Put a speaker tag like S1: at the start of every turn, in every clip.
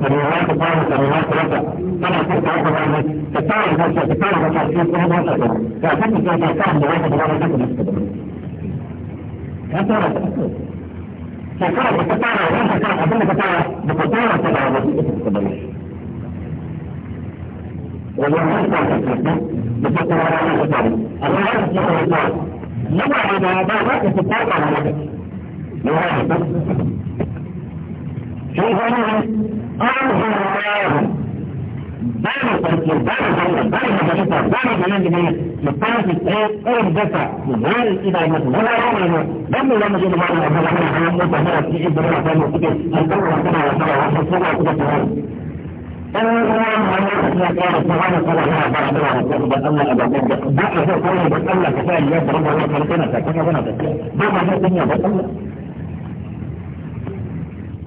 S1: تنويات طاعة تنويات رفع طبعا كنت عارفة يعني تتعرف نفسها تتعرف نفسها في كل مرة كده فأكيد مش هيبقى صعب لواحد مرة تاكل
S2: نفسك هتعرف فكرة بتتعرف وانت كرة أظن بتتعرف بتتعرف تبع وظيفة القبلية والله ما تعرف بتتعرف على الإطار أنا عارف لك الإطار لما إذا بعدك تتعرف على الإطار لو عارف شو هو ضربه أنا أنا موت هنا في إبدا أنا أنا أنا أنا أنا أنا أنا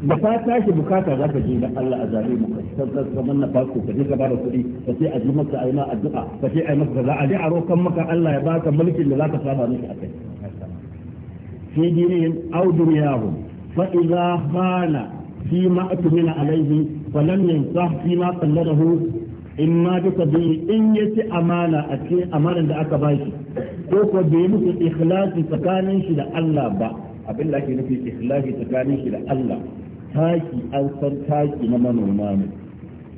S3: da ka tashi bukata za ka je da Allah a zare mu tabbas kamar na farko ka je ka bada kuɗi ka ce a ji maka a yi ma addu'a ka ce a yi maka za a je a rokan maka Allah ya baka mulkin da za ka saba miki akai fi dinin aw dunyahum fa idza khana fi ma atmina alayhi fa lam yansah fi ma qalladahu in ma duka bi in yace amana a cikin amanan da aka bashi ko ko bai musu ikhlasi tsakanin shi da Allah ba abin da ake nufi ikhlasi tsakanin shi da Allah taki an san taki na manoma ne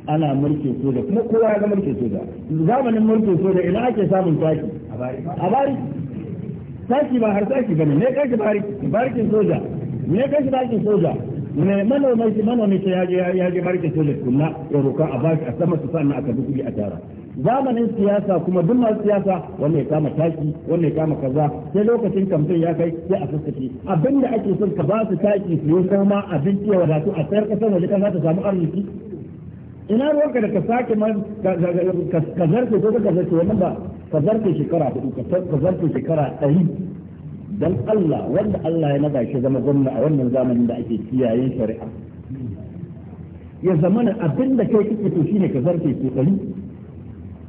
S3: ana mulkin soja kuma kowa ya ga mulkin soja zamanin mulkin soja ina ake samun taki a bari taki ba har taki bane ne kai ki bari barikin soja ne kai ki barikin soja mai manomi ya ji ya ji barke to kunna ya roka a baki a sama su sanna aka bi a tara zamanin siyasa kuma duk masu siyasa wannan ya kama taki wannan ya kama kaza sai lokacin kamfen ya kai sai a sassake abinda ake son ka ba su taki su yi kuma abinci ya wadatu a tsayar kasar waje kan za ta samu arziki ina ruwanka da ka sake man ka zarce ko ka zarce wannan ba ka zarce shekara hudu ka zarce shekara ɗari dan Allah wanda Allah ya naga shi zama gwamna a wannan zamanin da ake kiyayen shari'a ya zama na abin da kai kike to shine ka zarce ke dari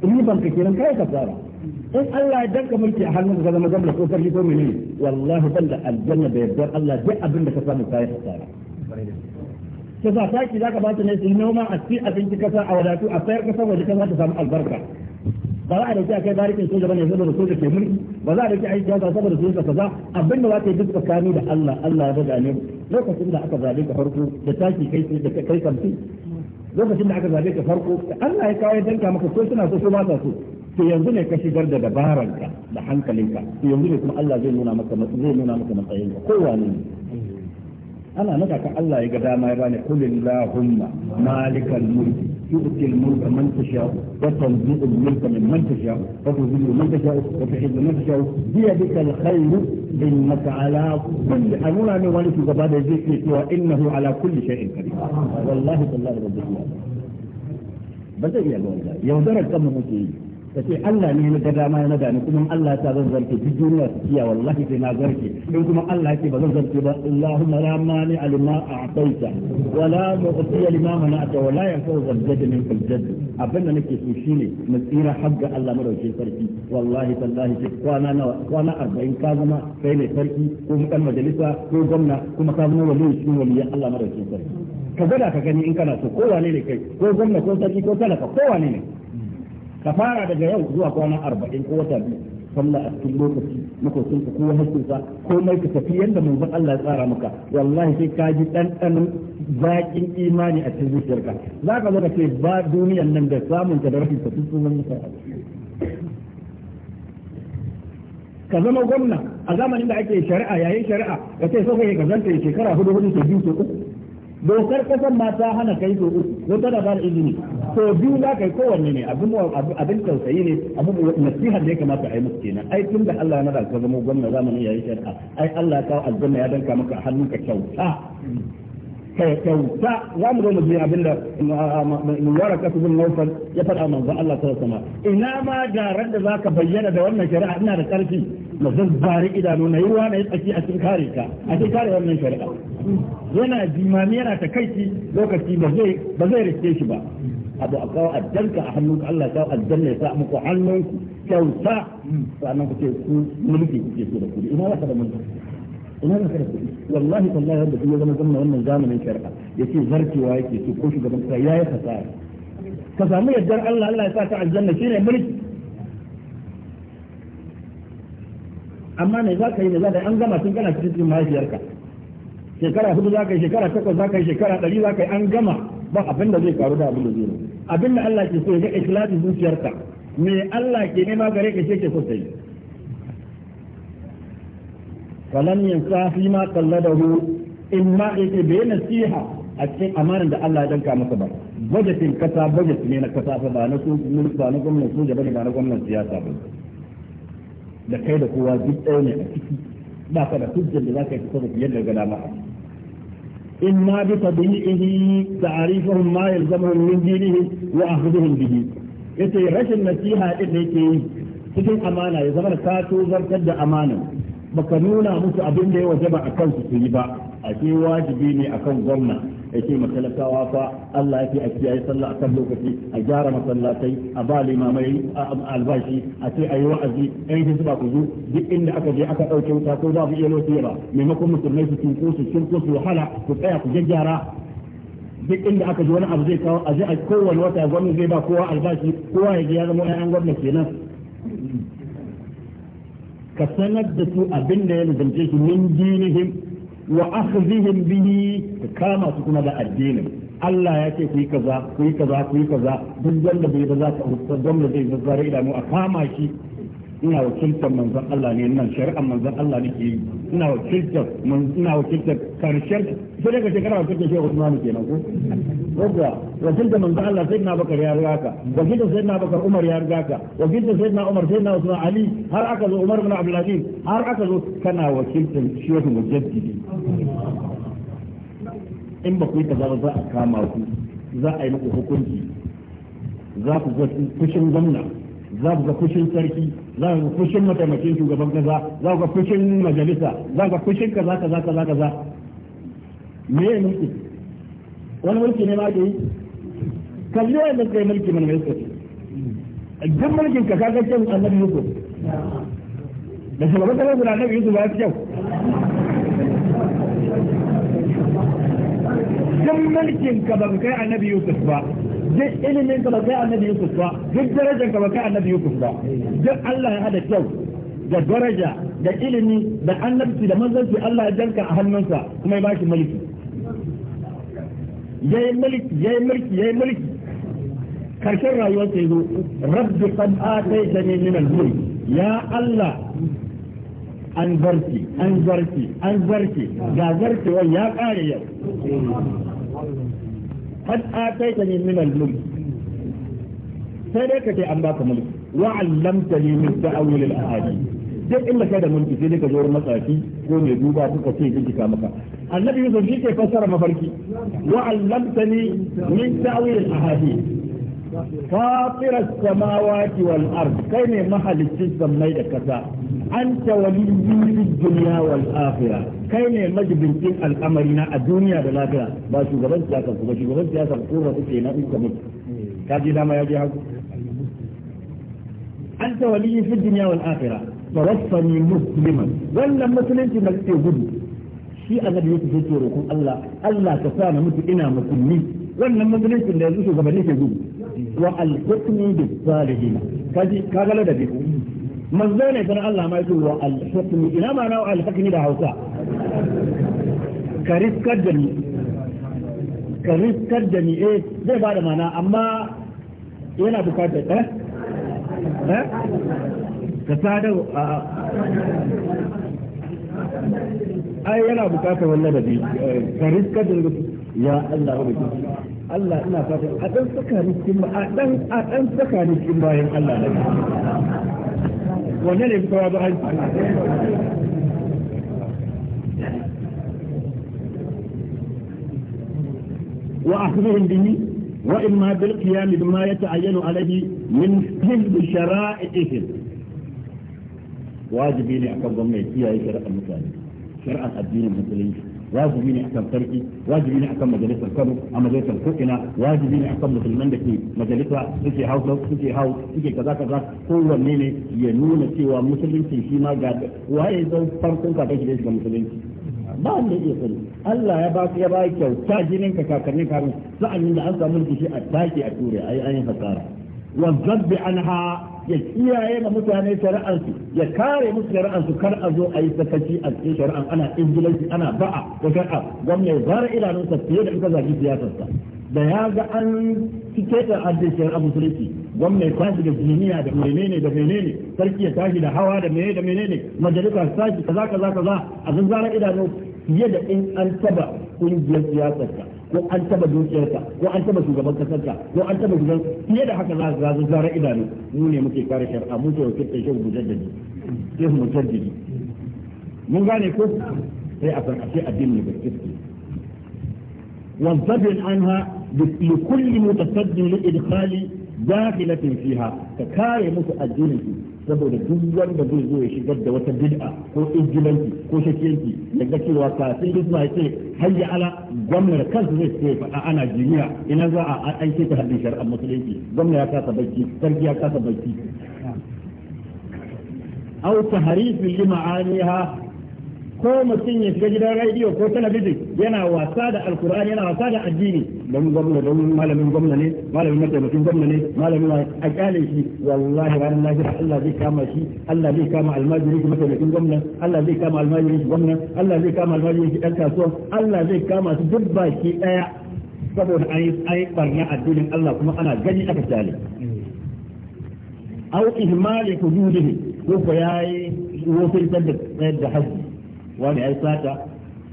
S3: in ban ka kiran kai ka tsara in Allah ya danka mulki a hannun ka zama gwamna ko sarki ko menene wallahi ban da aljanna da yardar Allah duk abin da ka samu kai ka tsara ta sa taki zaka ba ta ne su noma a ci abinci kasa a wadatu a sayar kasa waje kasa ta samu albarka ba za a dauki akai barikin soja bane saboda soja ke mulki ba za a dauki aiki ba saboda soja kaza abin da zaka yi duk tsakani da Allah Allah ya gane lokacin da aka zabe ka farko da taki kai da kai kamfi lokacin da aka zabe ka farko Allah ya kawo ya danka maka ko suna so ko ba so to yanzu ne ka shigar da dabaranka da hankalinka to yanzu ne kuma Allah zai nuna maka zai nuna maka matsayin ka kowa ne ana naka ka Allah ya ga dama ya bani kulillahumma malikal mulki تؤتي الملك من تشاء وتنزيع الملك من من تشاء وتذل من تشاء وتحب من تشاء بيدك الخير انك على كل انونا من ولك بعد ذكرك وانه على كل شيء قدير والله بالله رب العالمين بدأ يا يوم درك كم مكين ta ce Allah ne na gada ma na gani kuma Allah ta zan zarke duk duniya su kiya wallahi sai na zarke in kuma Allah yake ba zan zarke ba Allahumma la mani alima a'taita wa la mu'ti lima mana'ta wa la yanfa'u zaljad min fil jadd abin da nake so shine na tsira hagga Allah madaukin sarki wallahi tallahi ce kwana nawa kwana 40 ka zama sai ne sarki ko mukan majalisa ko gwamna kuma ka zama waliyin shi waliyin Allah madaukin sarki ka gada ka gani in kana so kowa ne ne kai ko gwamna ko sarki ko talaka ko ne ne ka fara daga yau zuwa kwana arba'in ko wata biyu sallah a cikin lokaci makocin ka kowa hakkin sa komai ka tafi yadda manzon Allah ya tsara maka wallahi sai ka ji ɗanɗanon zaƙin imani a cikin zuciyarka za ka zo ka ce ba duniyan nan da samun ta da rashin ta sun zama ka zama gwamna a zamanin da ake shari'a yayin shari'a ka ce so kai ka zanta shekara hudu hudu ke biyu ke uku dokar kasar ma ta hana kai so uku ko tana ko izini to biyu za ka yi kowanne ne abin abin tausayi ne abin nasihar da ya kamata a yi musu kenan ai tun da Allah na nada ka zama gwamna zamanin yayin shari'a ai Allah ya kawo aljanna ya danka maka hannunka kyauta kyauta za mu zo mu biya abin da mubarak kasu bin naufal ya faɗa manzo Allah ta sama ina ma da za ka bayyana da wannan shari'a ina da ƙarfi na zan bari idanu na yi ruwa na yi tsaki a cikin kare ka a cikin kare wannan shari'a yana jimami yana takaici lokaci ba zai ba shi ba abu a kawo addanka a hannunka Allah ya kawo addanna ya sa muku hannunku kyauta sannan ku ce ku mulki kuke so da kudi ina za ka da mulki ina da kada kuɗi wallahi wallahi wanda kuma zama zama wannan zamanin shari'a yace zartewa yake so ko shugaban kasa yayi fasaha. ka samu yardar Allah Allah ya sa ka aljanna ne mulki amma me za ka yi ne za ka an gama tun kana cikin mahaifiyarka shekara hudu za ka yi shekara takwas za ka yi shekara ɗari za ka yi an gama ba abin da zai karu da abin da zai abin da Allah ke so ya ga ikhlasin zuciyarka me Allah ke nema gare ka ce ke so sai falam yansa fi ma qalladahu in ma yake bai nasiha a cikin amanar da Allah ya danka masa ba budgetin kasa budget ne na kasa ba na su ba na gwamnati soja ba siyasa ba da kai da kowa duk ɗaya a ciki ba ka da hujjar da za ka yi kusa da yadda ga dama in ma bi wa rashin nasiha din da yake cikin amana ya zama ka to zartar da amana baka nuna musu abin da ya wajaba a kansu su yi ba a ce wajibi ne akan gwamna ya ce matalakawa fa Allah ya a kiyaye sallah kan lokaci a gyara masallatai a ba limamai albashi a ce a yi wa'azi yan shi ba ku zo duk inda aka je aka ɗauke wuta ko za ku iya lokaci ba maimakon musulmai su cinko su cinko su wahala ku tsaya ku gyaggyara duk inda aka ji wani abu zai kawo a je a kowane wata gwamnati zai ba kowa albashi kowa ya je ya zama an gwamnati kenan ka sanar da su abin da ya lizance su min dinihim wa akhdhihim bihi ka kama su kuma da addinin Allah ya ce ku yi kaza ku yi kaza ku yi kaza duk wanda bai ba za ka hukunta gwamnati zai zazzare idanu a kama shi ina wakiltar manzon Allah ne nan shari'ar manzon Allah ne ke ina wakiltar ina wakiltar karshen sai daga shekara wakiltar shehu Usman kenan ko wanda wakiltar manzon Allah sai na bakar ya riga ka wakiltar sai na bakar Umar ya riga ka wakiltar sai na Umar sai na Usman Ali har aka zo Umar bin Abdul har aka zo kana wakiltar shehu mujaddidi in ba ku yi kaza ba za a kama ku za a yi muku hukunci za ku ga fushin gwamnati za ku ga fushin sarki za ku ga fushin mataimakin shugaban kaza za ku ga fushin majalisa za ku ga fushin kaza kaza kaza kaza me ya mulki wani mulki ne ma ke yi kalli wanda kai mulki mana mai tsaye duk mulkin ka kaga kyau annabi yusuf da shugaban kaza guda annabi yusuf ba ya kyau duk mulkin ka ba kai annabi yusuf ba duk ilimin ka ba kai annabi Yusuf ba duk darajar ka ba kai annabi Yusuf ba duk Allah ya hada kyau da daraja da ilimi da annabci da manzanci Allah ya danka a hannunsa kuma ya bashi mulki yayi mulki yayi mulki yayi mulki karshen rayuwar ya yazo rabbi qad ataytani min al-mulk ya Allah an zarki an zarki an zarki ga zarkewar ya kare yau qad ataitani min al sai dai kace an baka mulki wa min duk inda kai da mulki sai ka zo wurin matsafi ko mai duba kuka ce bincika maka annabi yusuf shi ke fassara mafarki wa 'allamtani min ta'awil al-ahadith فاطر السماوات kai كين mahalicci الجزم da kasa. anta waliyyi fid dunya wal akhirah kai ne majibincin al'amari na a duniya da lafiya ba shugaban siyasa ba shugaban siyasa ko ba kuke na kuka mutu ka ji dama ya je hagu anta waliyyi fid dunya wal akhirah tawaffani musliman wannan musulunci da kake gudu shi annabi yake ce roƙon Allah Allah ka sa na mutu ina musulmi wannan musulunci da yanzu shugabanni ke gudu wa al-hukmi bis salihin kaji ka da ladabi manzo ne sanar Allah ma yake wa al-hukmi ina ma na al-hukmi da Hausa ka riskar da ni ka da ni eh zai bada mana amma yana bukatar eh eh ka sadar ai yana bukatar wannan da eh, ka riska da ya Allah rubuta Allah ina fatan a dan saka riskin a dan a dan saka riskin bayan Allah ne ونلعب كواب وأخذهم به وإما بالقيام بما يتعين عليه من حفظ شرائعهم واجبين يحفظهم يتيا شرع المكان شرع الدين المسلمين wajibi ne akan sarki wajibi ne akan majalisar kano a majalisar ko'ina wajibi ne akan musulman da ke majalisa suke hausa suke hau suke kaza kaza kowanne ne ya nuna cewa musulunci shi ma ga waye zan farkon ka kake shiga musulunci ba wanda iya sani Allah ya ba ya ba kyauta jinin ka kakannin kamin sa'an da an samu rikici a take a ture ai an yi hasara wa zabbi anha ya kiyaye ma mutane shari'arsu ya kare musu shari'arsu kar a zo a yi sakaci a cikin shari'ar ana ingilanci ana ba'a da shari'a gwamna ya idanunsa fiye da da ya ga an cike da addin shari'ar musulunci gwamna da duniya da menene da menene sarki ya tashi da hawa da menene da menene majalisa tashi kaza kaza kaza a zan idanu fiye da in an taba kungiyar siyasarsa ko an taba dukiyarka ko an taba shugaban kasarka ko an taba shugaban fiye da haka za su zazu zara idanu mu ne muke kare shari'a mu ke wakiltar shehu mujaddadi shehu mujaddadi mun gane ko sai a san ashe addini ne gaskiya والذبل عنها لكل متصدي ka kare musu addinin متأجلة saboda duk wanda zai zo ya shigar da wata bid'a ko injilanci ko shakiyanci ya ga cewa kafin duk ma ce hayya ala gwamnar kansa zai ce a ana jiniya ina za a aike ta haddin shari'ar musulunci gwamna ya kasa bacci sarki ya kasa bacci aw tahrifin li ko mutum ya shiga gidan rediyo ko talabijin yana wasa da alkur'ani yana wasa da addini don gwamna don malamin gwamna ne malamin mataimakin gwamna ne malamin a kyale shi wallahi ranar lahira Allah zai kama shi Allah zai kama almajiri shi mataimakin gwamna Allah zai kama almajiri shi gwamna Allah zai kama almajiri shi dan kasuwa Allah zai kama su duk baki daya saboda an yi ai barna addinin Allah kuma ana gani aka kyale au ihmali hududihi ko ya yi wofintar da da haji wani ya sata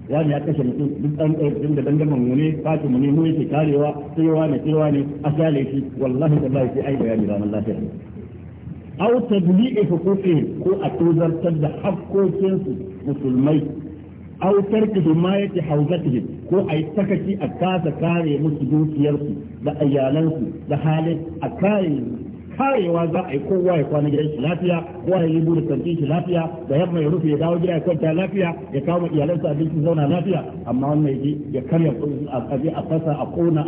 S3: wani ya kashe mutum duk ɗan ɗan da dandaman mu ne fatin mu ne mu yake karewa sai wani sai wani a kyale shi wallahi tallahi sai ai bayani ranar lafiya aw tadli'i huquqihim ko a tozartar da hakkokinsu musulmai aw tarki himayati hawzatihim ko a takaci a kasa kare musu dukiyarsu da ayyalansu da halin a kare karewa za a yi kowa ya kwana gidan shi lafiya kowa ya yi buɗe kantin shi lafiya da yamma ya rufe ya dawo gida ya kwanta lafiya ya kawo iyalansa abinci zauna lafiya amma wannan ya ya karya a fasa a kona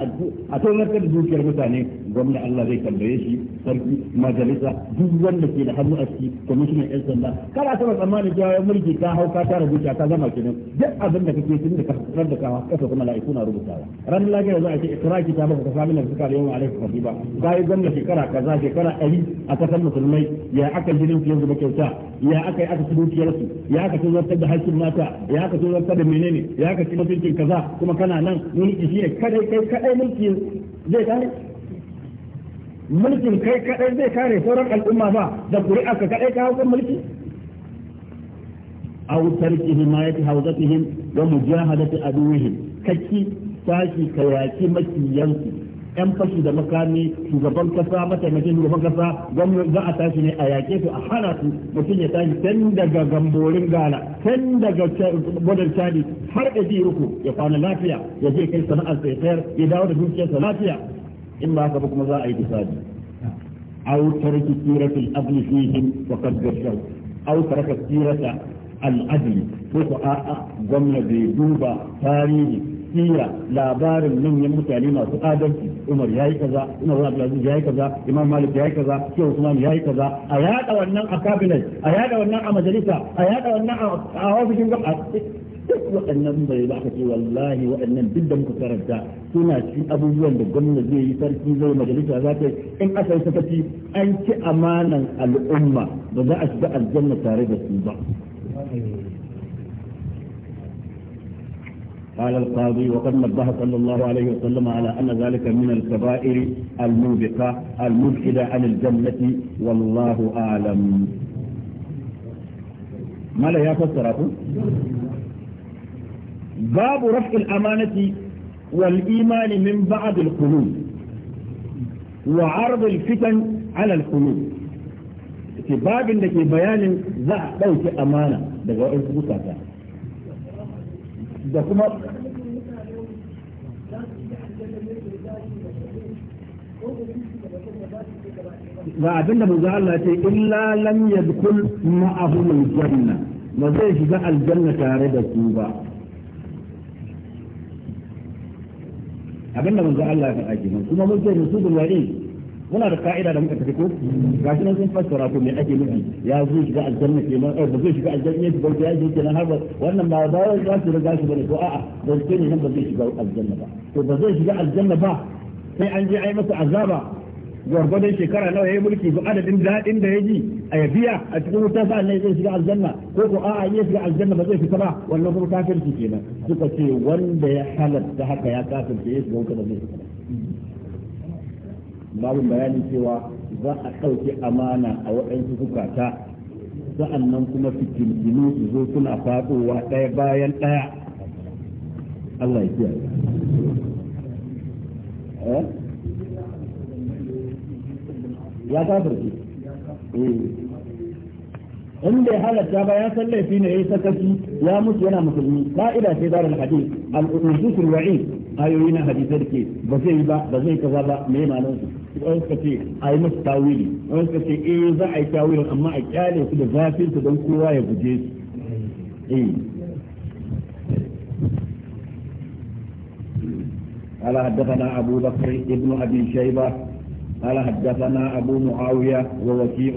S3: a tonar da dukiyar mutane gwamna Allah zai tambaye shi sarki majalisa duk wanda ke da hannu a ciki kwamishinan ɗan sanda kana sama tsammanin jawo mulki ka hau ka tara zuciya ka zama kenan duk abin da kake tun da ka ran da kawa kasa kuma la'iku na rubutawa ran lafiya za a ce ikiraki ta maka kasa min suka da yawan ba khatiba bai gwamna shekara kaza shekara ɗari a kasar musulmai ya aka jinin fiye da kyauta ya aka yi aka ci dukiyarsu ya aka ci zartar da hakkin mata ya aka ci zartar da menene ya aka ci mutuncin kaza kuma kana nan mulki shi ne kadai kai kadai mulki zai kare mulkin kai kadai zai kare sauran al'umma ba da kuri'a ka kadai ka hukun mulki aw tarki himayati hawzatihim wa mujahadati aduwihim kaki tashi kayaki makiyansu yan fashi da makami shugaban kasa mataimakin shugaban kasa gwamnati za a tashi ne a yake su a hana su mutum ya tashi tun daga gamborin gala tun daga bodar cadi har da ruku ya kwana lafiya ya je kai sana'ar sai ya dawo da dukiyarsa lafiya in ba haka ba kuma za a yi bisabi aw tarki sirata al fihim wa taraka ko ko a a gwamna bai duba tarihi sira labarin manyan mutane masu adalci Umar yayi kaza Umar Abdulaziz kaza Imam Malik kaza Usman kaza a yada wannan a cabinet a yada wannan a majalisa a yada wannan a ofishin duk waɗannan bai ba ka ce wallahi waɗannan duk da muka karanta suna cikin abubuwan da gwamna zai yi sarki zai majalisa za ta in aka yi sakaci an ci amanan al'umma ba za a shiga aljanna tare da su ba قال القاضي وقد نبه صلى الله عليه وسلم على أن ذلك من الكبائر الموبقة المبعدة عن الجنة والله أعلم ما لا يفسر باب رفع الأمانة والإيمان من بعض القلوب وعرض الفتن على القلوب في باب لكي بيان ذا بوك أمانة دقوا إيه سبوتا تا دقوا ما الله تي إلا لم يدخل معه الجنة ما زي شجاء الجنة تاردة سوبا abinda manzo Allah ya faɗa kenan kuma mun ce nusubul wali muna da ka'ida da muka tafi ko gashi nan sun fassara ko me ake nufi ya zo shiga aljanna ke eh ba zai shiga aljanna ne ba ya je kenan har ba wannan ba ba wai za su riga shi bane ko a'a ba ce ne nan ba zai shiga aljanna ba to ba zai shiga aljanna ba sai an je ai masa azaba gwargwadon shekara nawa ya mulki ba adadin daɗin da ya ji a yabiya a cikin wuta sa ne zai shiga aljanna ko ko a'a iya shiga aljanna ba zai fita ba wannan kuma kafirci kenan suka ce wanda ya halatta haka ya kafirce ya shiga wuta ba zai fita babu bayani cewa za a ɗauki amana a waɗansu zukata sa'annan kuma fitintinu su zo suna faɗowa ɗaya bayan ɗaya Allah ya kiyaye. Eh? ya kafirce eh. in bai halatta ba ya san laifi ne yi sakaci ya mutu yana musulmi ka'ida sai zarar hadi al-usul wa'id ayoyi na hadisai da ke ba zai yi ba ba zai kaza ba me ma'anar su wani suka ce a yi musu tawili wani suka ce eh za a yi tawili amma a kyale su da zafin su don kowa ya guje su eh abubakar حدثنا أبو بكر ابن أبي قال حدثنا أبو معاوية ووكيع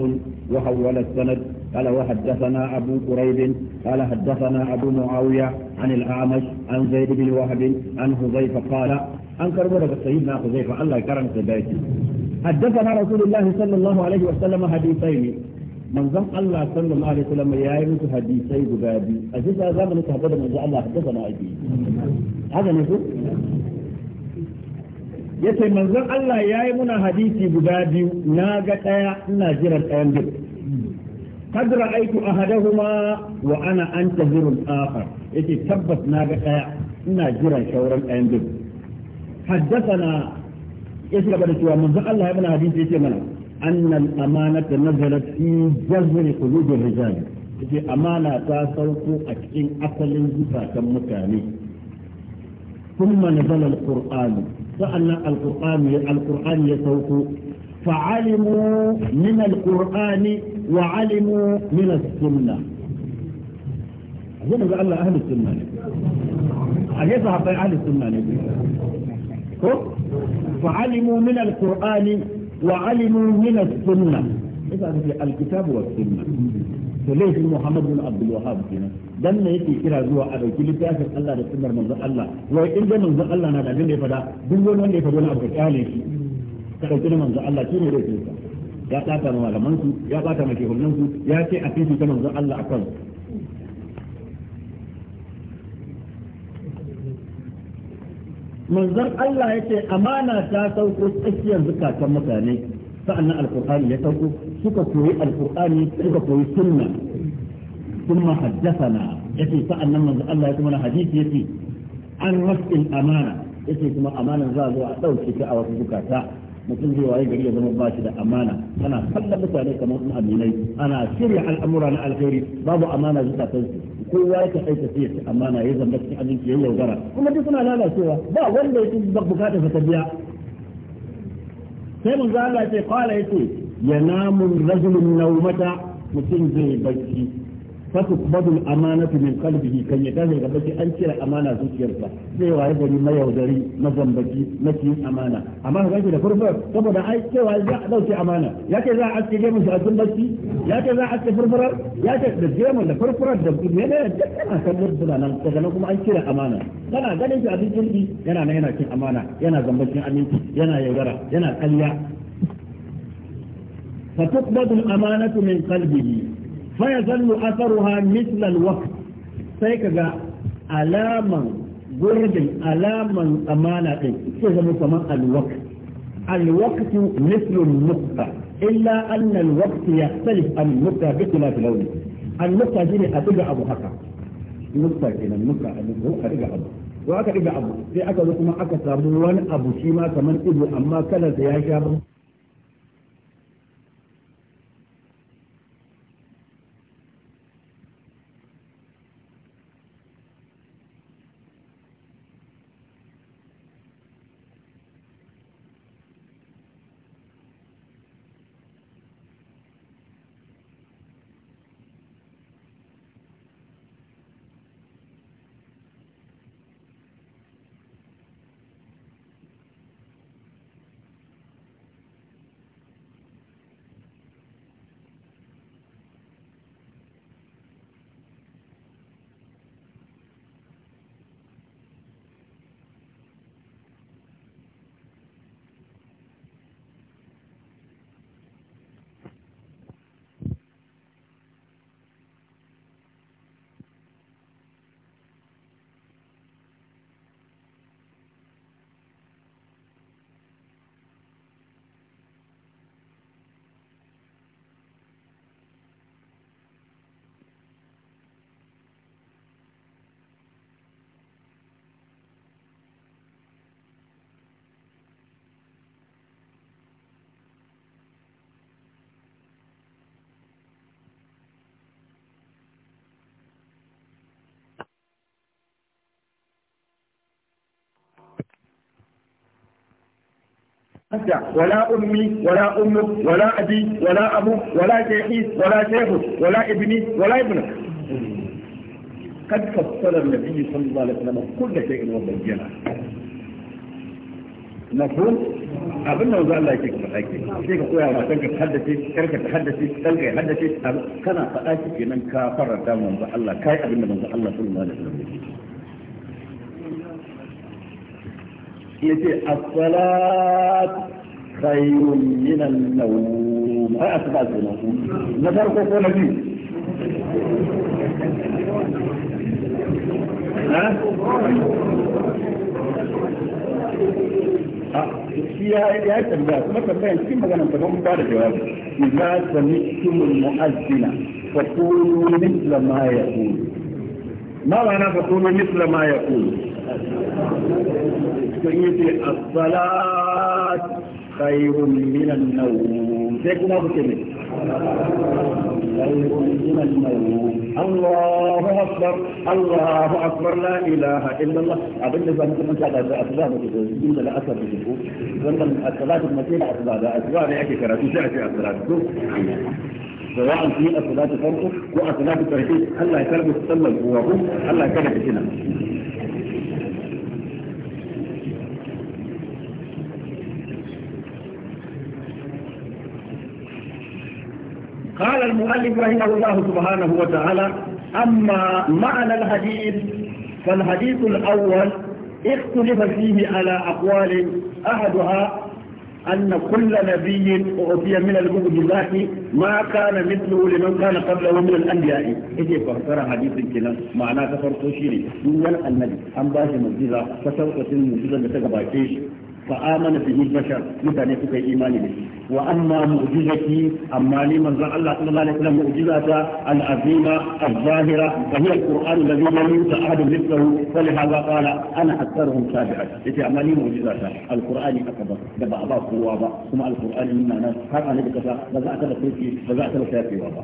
S3: وحول السند قال وحدثنا أبو قريب قال حدثنا أبو معاوية عن الأعمش عن زيد بن وهب عن حذيفة قال أنكر ورد سيدنا حذيفة الله كرم سبايتي حدثنا رسول الله صلى الله عليه وسلم حديثين من زم الله صلى الله عليه وسلم يا hadisai حديثي biyu a هذا من sahabbai من زم الله حدثنا أبي هذا haka ya ce manzon Allah ya yi muna hadisi guda biyu na ga ɗaya ina jiran ɗayan biyu kadra aiku a hadahuma wa ana an tazirun afar ya ce tabbas na ga ɗaya ina jiran shauran ɗayan biyu haddasa ya ci gaba da cewa manzon Allah ya yi muna hadisi ya ce mana annal amana ta nazarar fi jazmini kulubin rijali ya ce amana ta sauko a cikin asalin zukatan mutane kuma nazarar ƙur'ani فأن القرآن القرآن يسوق فعلموا من القرآن وعلموا من السنة أظن قال الله أهل السنة أجيس أعطي أهل السنة فعلموا من القرآن وعلموا من السنة إذا الكتاب والسنة فليس محمد بن عبد الوهاب فينا. dan ne yake kira zuwa a dauki littafin Allah da sunnar manzon Allah wai in da manzon Allah na da abin da fada duk wani wanda ya fada wani abu ka kyale shi ka dauki na manzon Allah shi ne da yake ya tsata ma malaman su ya bata ma kehunan su ya ce a cikin ta manzon Allah a kan. manzon Allah yace amana ta sauko tsakiyar zukatan mutane sa'annan alqur'ani ya sauko suka koyi alqur'ani suka koyi sunna na حدثنا يتي سألنا من الله يتمنى حديث يتي عن وقت الأمانة يتي كما أمانة a أدو a وفبكاتا mutum zai waye gari ya zama ba shi da amana ana kallon mutane kamar sun aminai ana shirya al'amura na alheri babu amana zukatan su kowa ya ka aika amana ya zama cikin abinci ya yaudara kuma duk suna lalacewa ba wanda yake bukatar sa biya sai mun za Allah ce kwala yace yanamun rajulun naumata mutum zai barci. fatukbadul amanatu min qalbihi kan ya tashi gaba sai an cire amana zuciyarsa sai waye gari mayaudari na maciyin amana amma ka gaji da furfur saboda ai sai cewa za a dauke amana ya ce za a aske gemun shi a cikin ya ce za a aske furfura ya ce da gemun da furfurar da ne ne da kana kallon suna nan daga nan kuma an cire amana kana ganin shi a cikin kirki yana nan yana cin amana yana zambacin aminci yana yaudara yana kalya fatukbadul amanatu min qalbihi fa yazallu atharuha mithla al-waqt sai kaga alaman gurbin alaman amana din sai zama kamar al-waqt al-waqt mithlu al-nuqta illa anna al-waqt yahtalif an-nuqta bi khilaf al-awli al-nuqta shine a diga abu haka nuqta kenan nuqta a diga abu to aka diga abu sai aka zo kuma aka samu wani abu shi ma kamar ido amma kalar da ya sha ba. أنت ولا أمي ولا أمك ولا أبي ولا أبو ولا شيخي ولا شيخ ولا ابني ولا ابنك قد فصل النبي صلى الله عليه وسلم كل شيء وبينه مفهوم abin da wanzu Allah yake ka faɗa ke sai ka koya ma kanka haddace karka ta haddace kanka ya haddace kana faɗa ke nan ka faranta manzo Allah abin da Allah يتي الصلاة خير من النوم هاي أسباب النوم نفرق فون ها؟ آه، يا يا تبدا ما تبين في ما كان تبون بار جواب اذا سمعتم المؤذن فقولوا مثل ما يقول ما معنى فقولوا مثل ما يقول سيد الصلاة خير من النوم ليش ما بتمت خير من النوم الله أكبر الله أكبر لا إله إلا الله أبن لذا مثل من كان أسباب جدا لا أثر بجده وأن الصلاة المسيحة أسباب أسباب يأتي كراتي شعر أسباب سواء في الصلاة فرقه وأصلاة التركيز الله يكرمه تسلم هو الله يكرمه قال المؤلف رحمه الله سبحانه وتعالى أما معنى الحديث فالحديث الأول اختلف فيه على أقوال أحدها أن كل نبي أعطي من الله ما كان مثله لمن كان قبله من الأنبياء إذا فسر حديث كنا معناه كفر سوشيري دول النبي أم باش معجزة فسوق سن معجزة كيش فآمن به البشر مثل يكون إيمان به وأما معجزتي أما لي من الله صلى الله عليه وسلم معجزة العظيمة الظاهرة فهي القرآن الذي لم يؤت أحد مثله فلهذا قال أنا أكثرهم تابعا يتي أما لي معجزة القرآن أكبر دبع الله قوة ثم القرآن من معنى هل أنا بكذا بزعت لكوكي بزعت لكافي وابا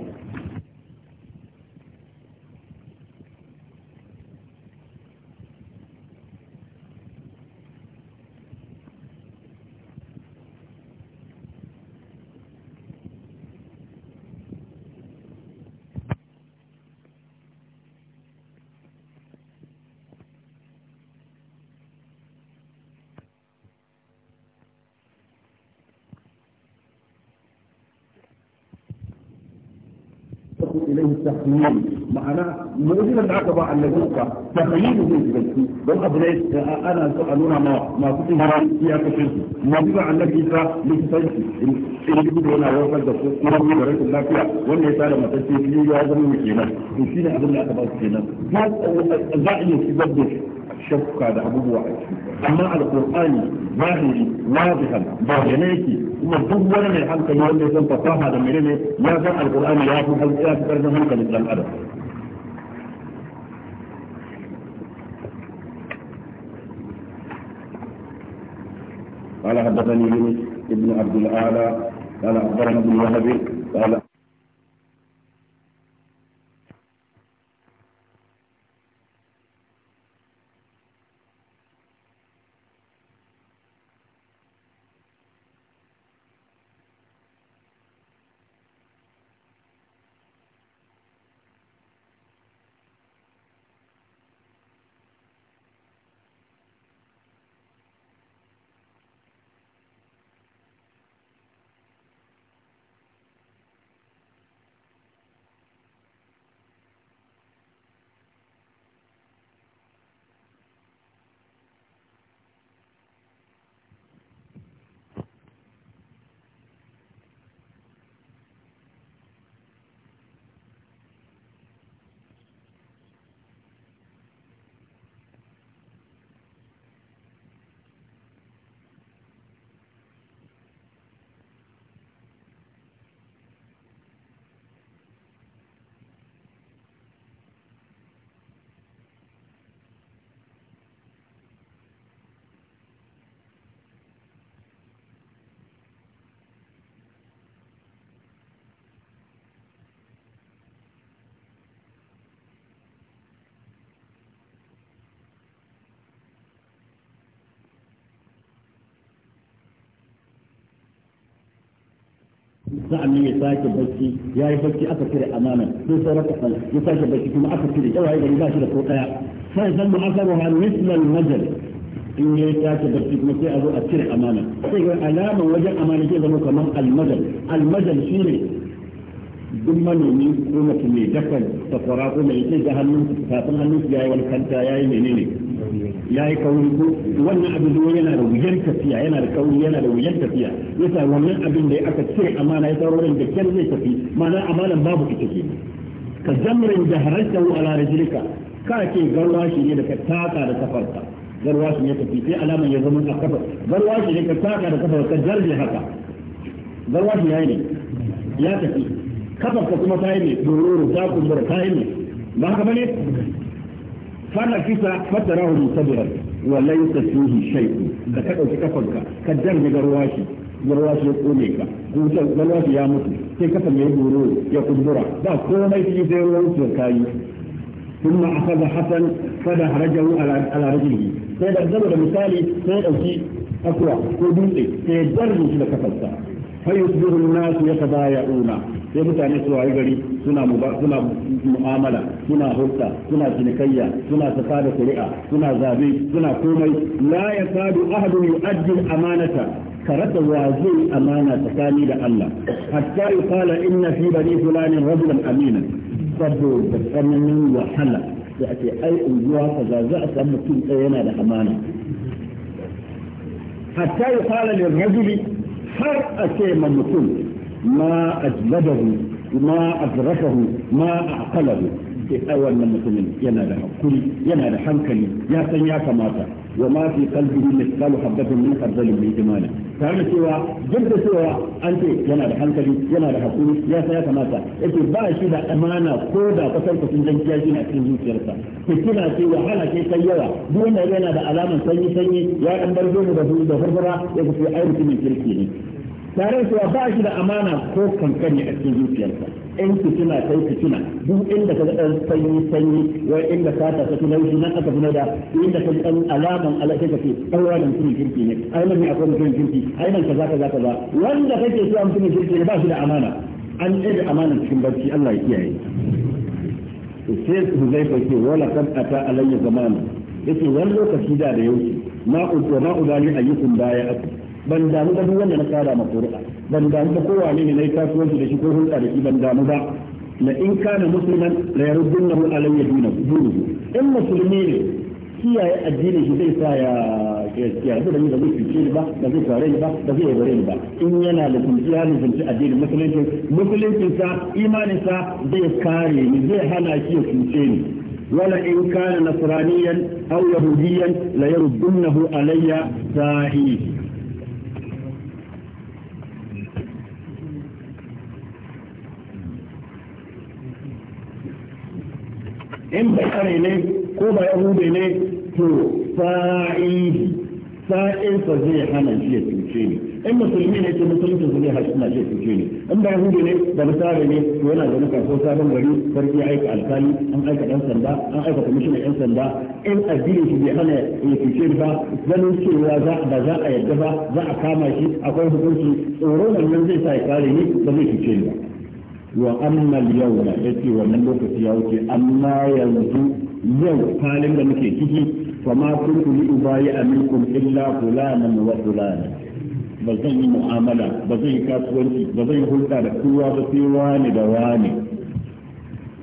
S3: تكوين معنا ما يجب أن أعتبع أن يجبك تخيين ذلك بلسي بل أبليس أنا سألونا ما ما كنت مرى في أكثر ما يجب أن نجيسا لتسيسي إن يجب أن أعوى فالدفع نعم، إن أعوى رأيك الله فيها وأن يتعالى ما تسيسي لي يا أعزم المكينة وفينا أعزم الأعتبار المكينة هذا الزعي يتبدش shakka da abubuwa a ciki amma alqur'ani zahiri wazihan bayyana yake kuma duk wani mai hankali wanda ya san fasaha da menene ya san alqur'ani ya fi ya fi karfin hankalin dan adam قال حدثني يونس بن عبد الاعلى قال اخبرنا ابن وهب قال sa'an ne ya sake bacci ya yi bacci aka cire amana sai sai raka fal ya sake bacci kuma aka cire ya waye gari ba shi da ko daya sai san mu asaru hal mislal majal in ya sake bacci kuma sai a zo a cire amana sai ga alama wajen amana ke zama kamar almajal almajal shine duk manomi ko mutum mai dakan sakwara ko mai ce ga hannun kafin hannun ya yi wani kanta ya yi menene ya yi kauri ko wannan abin da yana da wuyan tafiya yana da kauri yana da wuyan tafiya yasa wannan abin da ya aka cire amana ya sauran da kyar zai tafi ma'ana amanan babu ita ke ka jamrin da harashahu ala rajulika ka ce garwa shi ne da ka taka da kafarka garwa shi ne tafi sai alaman ya zama a kafar garwa shi ne ka taka da kafar ka jarje haka garwa shi ya yi ne ya tafi kafarka kuma ta yi ne dororo ta kumbura ta yi ne ba haka ba ne. فانا كيسا فتراه مصدرا وليس فيه شيء اذا كان اوتي كفلك كدر بجرواشي جرواشي يقوميك جرواشي يا مطل كي كفل يقولوا يقول برا با كل ما يتجي زي ثم أخذ حسن فدح رجعه على, رجله سيدا بزبدا مثالي سيدا اوتي أقوى كودوني سيدا بزبدا كفلتا فيصبح الناس يتبايعون يبتع نسوا عقلي سنا مبا... سنا معاملة سنا هلطة سنا سنكية سنا سفادة رئة سنا زابي سنا كومي لا يكاد أحد يؤدي الأمانة كرت وازي أمانة تكاني الله حتى يقال إن في بني فلان رجلا أمينا صبوا تتأمن وحلا يأتي أي أنجوا فزازع سمكين أينا لأمانة حتى يقال للرجل هر اشيء ممكن ما اجلبه ما ادركه ما اعقله اول من مسلم يناله كل يناله حنكلي يا سن يا كماتا وما في قلبه مثقال حبة من خردل من جماله تعالى سوى جد سوى انت يناله حنكلي يناله حقولي يا سن يا كماتا انت بقى اذا امانة قودة قصرت في الجنجاجين اكل من شرطة تكتنا سوى حالة كي سيوى دون الينا بألاما سيني سيني يا امبرجون بفوز بفربرة يكفي عيرك من شركيني tare kuwa ba shi da amana ko kankani a cikin zuciyarsa in tuna sai tuna duk inda ka dan sanyi sanyi wai inda ka ta ta tuna shi nan aka tunai da inda ka dan alaman ka kake tsawon da mutum kirki ne ai nan akwai mutum kirki ai nan kaza kaza kaza wanda kake so mutum kirki ne ba shi da amana an da amana cikin barci Allah ya kiyaye sai Huzaifa ki wala kan ata alayya zamanu yace wani lokaci da da yau na udana udani ayyukum baya aku ban damu da duk wanda na kada ma furu'a ban damu da kowane ne nayi kasuwanci da shi ko hulɗa da shi ban damu ba la in kana musliman la yaruddunahu alayya dunuhu in musulmi ne kiyaye addinin shi zai sa ya gaskiya da ni da zai fice ba da zai tare ba da zai bare ba in yana da kunciya da zunci addinin musulunci musulunci sa imanin sa zai kare ni zai hana shi ya cuce ni wala in kana nasraniyan aw yahudiyan la yaruddunahu alayya sahi in bai kare ne ko bai yahude ne to sa'in sa zai hana shi ya cuce ni in musulmi ne to musulunci zai hana shi ya cuce ni in bai yahude ne da misali ne to yana da nuka ko sabon gari sarki aika alkali an aika dan sanda an aika kwamishinan yan sanda in addini shi bai hana ya cuce ba ganin cewa ba za a yadda ba za a kama shi akwai hukunci tsoron wannan zai sa ya kare ni ba zai cuce ni ba wa ammal yawma yace wannan lokaci ya wuce amma yanzu yau halin da muke ciki fa ma kun li ubayi minkum illa fulana wa fulana ba zan yi mu'amala ba zan yi kasuwanci ba zan yi hulɗa da kowa ba sai wani da wani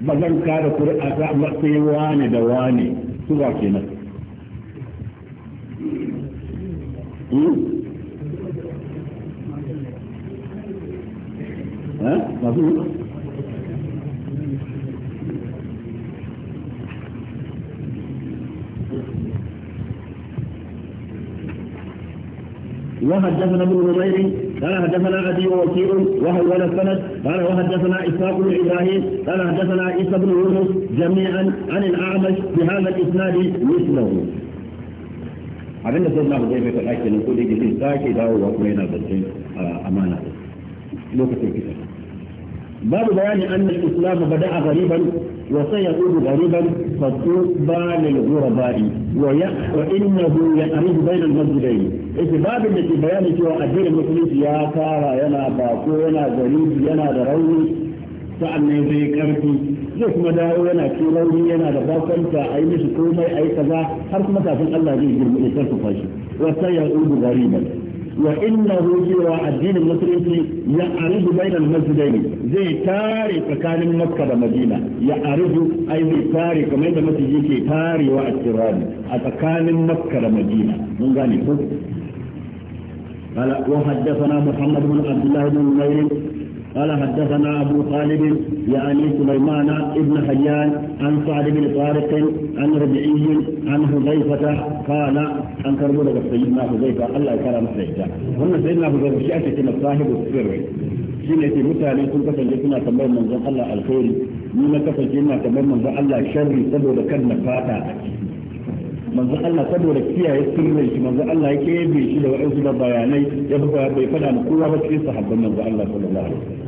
S3: ba zan kada kuri'a ta ba sai wani da wani su ba kenan
S1: hmm? Huh?
S3: وحدثنا ابن نمير قال حدثنا ابي وكيل وهو ولا سند قال وحدثنا اسحاق بن ابراهيم قال حدثنا عيسى بن يونس جميعا عن الاعمش بهذا الاسناد مثله abinda سيدنا na الأكل نقول لك في ko داو yake sake dawowa kuma yana zancen amana lokacin kisa babu bayani وسيعود غريبا فتوبى للغرباء وانه يعرف بين المسجدين اذا باب التي بيان سوى الدين المسلم يا كارا يلا باكو يلا غريب يلا دروي سعنا زي كرتي زيك مداو يلا كيلوني يلا دباكو انت اي مش كومي اي كذا حرك متى في الله زي جرم الاسر تفاشي وسيعود غريبا wa innahu cewa addinin musulunci ya aridu bainal masjidaini zai tare tsakanin makka da madina ya aridu ai zai tare kamar yadda masjidi ke tarewa a cikin a tsakanin makka da madina mun gane ko قال وحدثنا محمد بن عبد الله بن قال حدثنا أبو طالب يعني سليمان ابن حيان عن سعد بن طارق عن ربعي عن حذيفة قال أن كربونا سيدنا حذيفة قال لا يكرم سيدنا هنا سيدنا حذيفة شأتي كما صاحب السر شيني في متالي كنت سيدنا تمر من ذو الله الخير مما كفل جينا تمر من ذو الله الشر سبو لكرنا فاتا من ذو الله سبو لكتيا يسر ليش من ذو الله كيبي شلو عزب بياني يبقى بيفلان قوة في صحب من ذو الله صلى الله عليه وسلم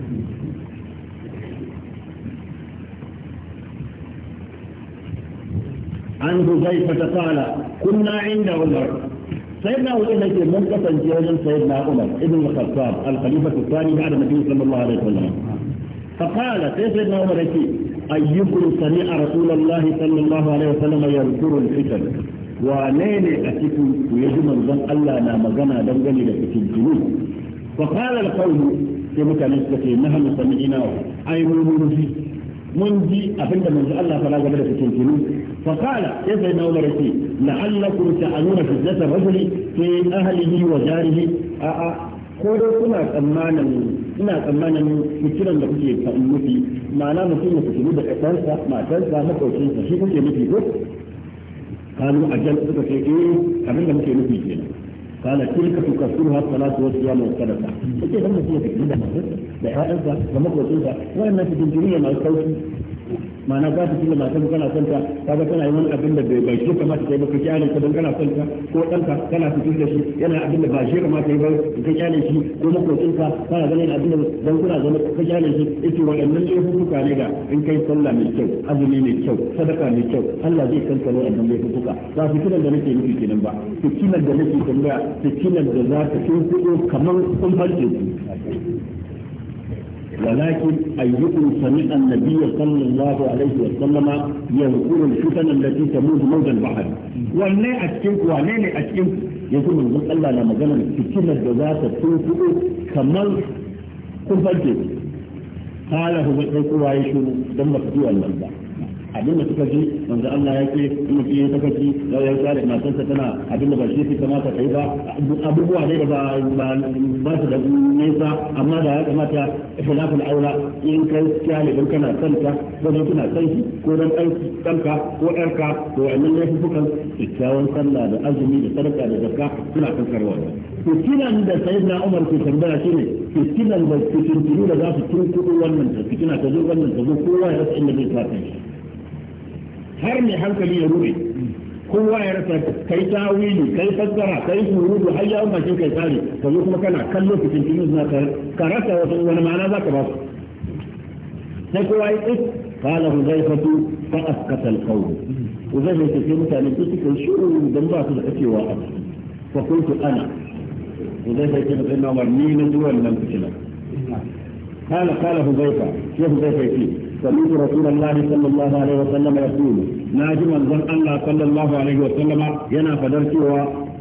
S3: an zai fata fala kunna inda umar sai na wuce nake mun kasance wajen sai na umar ibn al-khattab al-khalifa al-thani ba da nabi sallallahu alaihi wasallam fa qala sai sai na umar yake ayyukum sami'a rasulullahi sallallahu alaihi wasallam yanzuru al-fitan wa nene a cikin ku yaji manzon Allah na magana gani da cikin jini fa qala al-qawlu sai mutane suka ce nahnu sami'ina wa ay mun rufi mun ji abinda manzo Allah fara game da fitintunu fa qala ya sai na umar yake la'allakum ta'anuna fitnatar rajuli fi ahlihi wa jarihi a a ko dai kuna tsammanin ina tsammanin fitinan da kuke faɗi nufi ma'ana mutum ya fitinu da ƙasarsa matarsa maƙocinsa shi kuke nufi ko قالوا أجل سكة إيه أبدا مش ينفي كده قال تلك تكفرها الصلاة والصيام والصدقة إيه هم سنة كده da ƴaƴansa da makwacinsa waɗannan su dindiniya masu sauki ma'ana za su tunda matan kana son ta kaga tana yi wani abin da bai bai shi kamata kai ba ka kyale ka don kana son ta ko ɗanka kana fitar da shi yana abin da ba shi kamata kai ba ka kyale shi ko makocinka kana ganin abin da don kuna zama ka kyale shi ita waɗannan laifuka ne da in kai sallah mai kyau azumi mai kyau sadaka mai kyau Allah zai kankare waɗannan laifuka ba su kiran da nake nufi kenan ba su kiran da nake tambaya su kiran da za ka kin kuɗo kamar kun farce su ولكن أيكم سمع النبي صلى الله عليه وسلم يذكر الفتن التي تموت موت البحر وأنا أتكلم وأنا أتكلم يقول من الله لما قال الفتنة الجزاء تنفق كمل كفجر قال هو يقول عيشه دم فتوى الله abin da suka ji manzo Allah ya ce in mutum ya sakaci da ya kare matarsa tana abin da ba shi ke kamata kai ba abubuwa ne da ba ba su da nesa amma da ya kamata ikhtilaful aula in kai kyale don kana son ta ko don kana son shi ko don aiki kanka ko yarka ko wannan ne fukan kyakkyawan sallah da azumi da sadaka da zakka suna kankarwa to kiran da sayyidina Umar ke tambaya shine fitinan da fitintinu da za su tunkuɗo wannan fitina ta zo wannan ta zo kowa ya rasa inda zai sa har mai hankali ya rube kowa ya rasa kai tawili kai fassara kai surutu har ya bakin kai tsari ka zo kuma kana kallo cikin cikin suna ka rasa wasu wani ma'ana za ka ba su sai kowa ya tsit kala ku zai fatu ta fa kawo ku zai ta ce mutane su suka yi shiru don ba su da kacewa a fa ku ana huzaifa ta ce na ni na zuwa nan fitina kala kala zai huzaifa sai zai ya ce سمعت رسول الله صلى الله عليه وسلم يقول ناجم الزم الله صلى الله عليه وسلم ينا فدرت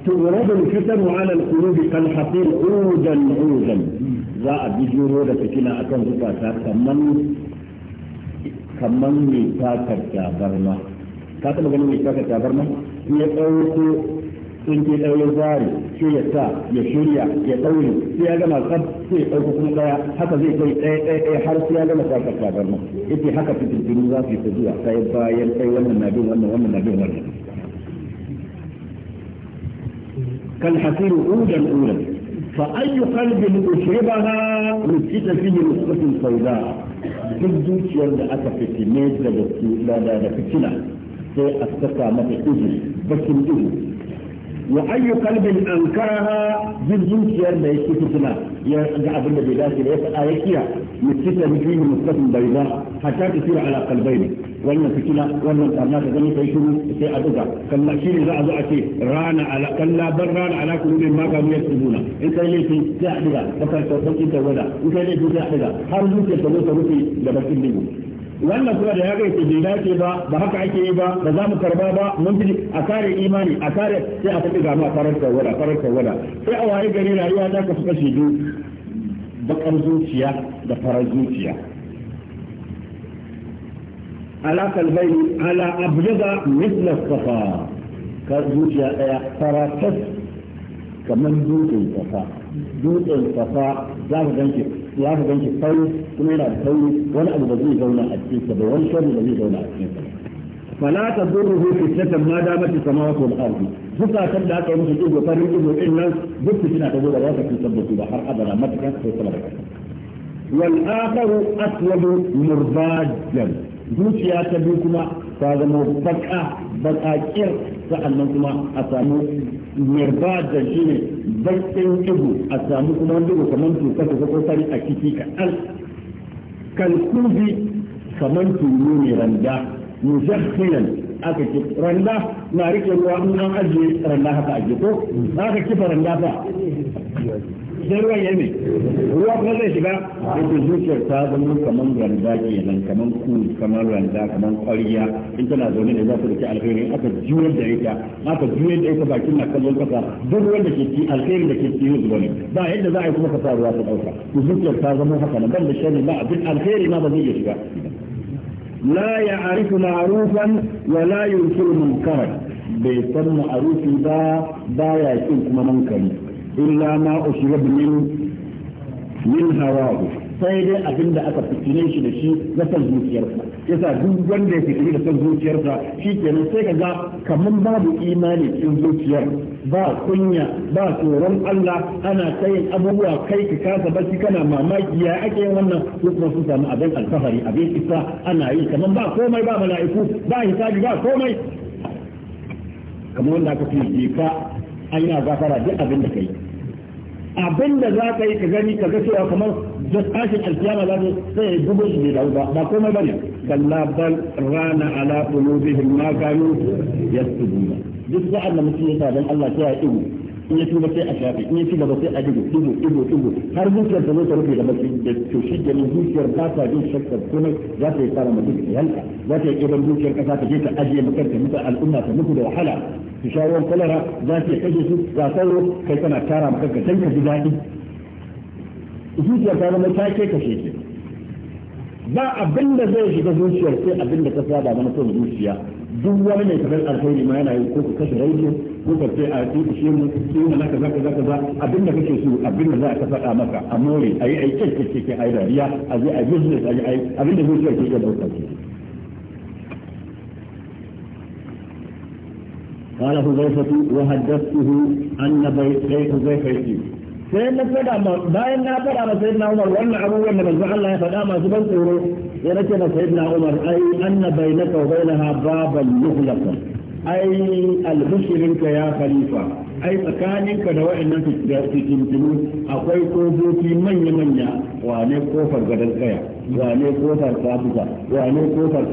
S3: تغرب الفتن على القلوب كالحصير عودا عودا za a bijiro da fitina akan zukata kamar kamar mai takar tabarma ka taɓa ganin mai takar tabarma ya ɗauko sun ke ɗaure zari sai ya sa ya shirya ya ɗaure sai ya gama tsab sai ya ɗauko kuma ɗaya haka zai kai ɗaya ɗaya ɗaya har sai ya gama takar tabarma yake haka fitin fitintinu za su yi zuwa sai bayan sai wannan na bin wannan wannan na bin wannan kan hasiru udan udan fa ayyu qalbin ushribaha rutita fihi nusqatun sauda duk zuciyar da aka fiti ne da da da da fitina sai a saka mata izu bakin izu wa ayyu qalbin ankaraha duk zuciyar da yake fitina ya ga abin da bai dace ba ya fa'a ya kiya مسكتها فيه مسكت بيضاء حتى تصير على قلبين وانا فكنا وانا قرنا تزمي فيكم سيء أدوك كما شير إذا أدوعتي ران على كلا بل ران على كل ما كانوا يكتبون إنت إليك سيء أحدها وكان توقف إنت ولا إنت إليك سيء أحدها هل يمكن تقول تروتي لبس إليك وانا كلا ده هكي تجيلاي كيبا بحق عيكي إيبا نظام كربابا ممكن أكاري إيماني أكاري سيء أتبقى ما فرنسا ولا فرنسا ولا سيء أواري قليلا يا ذاك فكشي جو bakar zuciya da farar zuciya ala kalbaini ala abjaza mithla safa ka zuciya daya faratas kamar dutsen safa dutsen safa za ka ganke ya ka ganke sauri kuma yana da sauri wani abu da zai zauna a cikin sa da wani sharri da zai zauna a cikin sa fala tadurruhu fitnatan ma damat samawati wal ardi zukatan da aka yi musu dubo farin dubo din nan duk su suna tabo da ba su tabbatu ba har abada matakan sai sama da kasa wal akharu aswadu murbajan zuciya ta biyu kuma ta zama baka baka kir sa'annan kuma a samu murbajan shine bakin dubo a samu kuma dubo kamar tuka ta ko fari a kiki ka al kalkuzi kamar tulu ne randa mujahhilan aka ce randa na rike ruwa in an ajiye randa haka ajiye ko za ka kifa randa fa sai ruwan ya ne ruwa kuma zai shiga yake zuciyar ta zama kamar randa kenan kamar ku kamar randa kamar kwariya in tana zaune ne za da ke alheri aka juyar da ita aka juyar da ita bakin na kallon kasa duk wanda ke ci alheri da ke ci yi zuwa ne ba yadda za a yi kuma ka sa ruwa ta dauka zuciyar ta zama haka nan ban da shani ba abin alheri ma ba zai shiga لا يعرف معروفا ولا ينكر منكرا بيسمى معروف با با يكون منكر إلا ما أشرب من من هواه sai dai abin da aka fitine shi da shi na san zuciyarsa yasa duk wanda ya fitine da san zuciyarsa shi kenan sai ka ga kamar babu imani cikin zuciyar ba kunya ba tsoron Allah ana ta yin abubuwa kai ka kasa barci kana mamaki ya ake yin wannan ko kuma sun samu abin alfahari abin isa ana yi kamar ba komai ba mala'iku ba hisabi ba komai kamar wanda aka fi ka an yana gafara duk abin da kai abin da za ka yi ka gani ka ga cewa kamar da tashin alkiyama za sai ya dubo shi bai dawo ba ba komai ba ne. kalla bal rana ala qulubihim ma kanu yasbuduna duk sa'an da mutum ya sabon Allah sai ya ɗigo in ya tuba sai a shafi in ya ci gaba sai a digo digo digo digo har zuciyar ta zo ta rufe da baki da to shi da zuciyar ba ta jin shakkar komai za ta yi fara mutum da yanka za ta yi idan zuciyar kasa ta je ta ajiye makar ta mutu al'umma ta mutu da wahala su sha ruwan kwalara za ta kashe su ga sauro kai kana tara makar ka canka ji daɗi zuciyar ta zama ta ke kashe ki ba abin da zai shiga zuciyar sai abin da ka saba mana son zuciya duk wani mai kamar alkhairi ma yana yi ko ka kashe rauke ko ka ce a kushe mu ko na kaza kaza kaza abinda kake so abinda za ka faɗa maka a more a yi aikin kike ke a yi dariya a je a business a yi abinda zai ce ke da ɗauka قال حذيفة وحدثته أن بيت حذيفة sai na fada ma bayan na fada ma sayyidina Umar wannan abubuwan da manzo Allah ya fada masu ban tsoro ya nace ma sayyidina Umar ai anna bainaka wa bainaha baban mughlaqa ai albushirinka ya khalifa ai tsakaninka da wa'annan fitintinu akwai kofofi manya-manya wane kofar gadon kaya wane kofar tsafuka wane kofar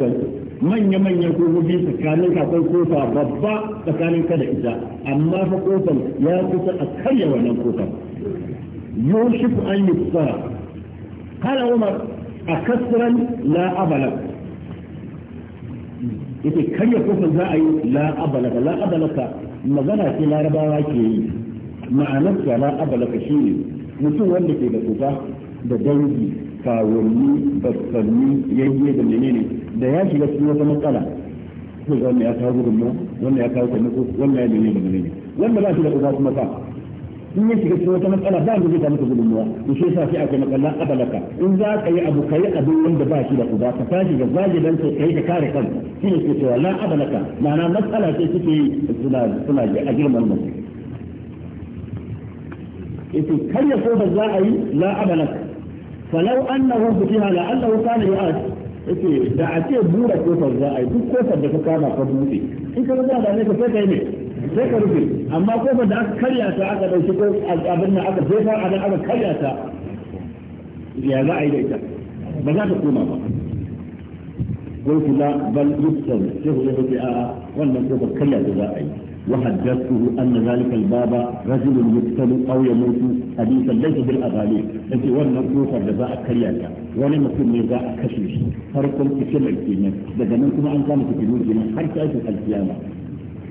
S3: manya-manyan kofofi tsakanin ka akwai kofa babba tsakanin ka da ita amma fa kofar ya kusa a karya wannan kofar يوشك أن يبصر قال عمر أكسرا لا أبلغ yake karya kofin za a yi la abalaka la magana ce larabawa ke yi ma'anar ta la abalaka shi ne mutum wanda ke da da dangi bakkanni yayye da menene da ya shiga cikin wata matsala ko wanda ya kawo gudunmu wanda ya kawo taimako wanda ya menene da menene wanda ba shi da kuta kuma fa in ya shiga cikin wata matsala ba da zai ta maka gudunmuwa in shi yasa sai a kai makalla abalaka in za ka yi abu kai abin wanda ba shi da ku ba ka tashi ga zaje dan sai kai ka kare kanka shi ne ke cewa la abalaka ma'ana matsala ce suke suna suna a girman mutum yace kar ya so ba za a yi la abalaka falau annahu futiha la annahu kana yu'ad yace da a ce bura kofar za a yi duk kofar da ka kama ka buɗe in ka ga da ne ka sai kai ne sai ka rufe amma kofar da aka karya ta aka dauki ko abin da aka jefa a aka karya ta ya za a yi da ita ba za ta koma ba قلت لا بل يقتل شيخ يقول آه ولا نقول كلا جزائي وحدثته أن ذلك الباب رجل يقتل أو يموت حديثا ليس بالأغاليب أنت ولا نقول جزاء كرياتا ولا نقول جزاء كشيش فرق الكلمة الكلمة لذا منكم أن كانت في الوجه حتى أجل القيامة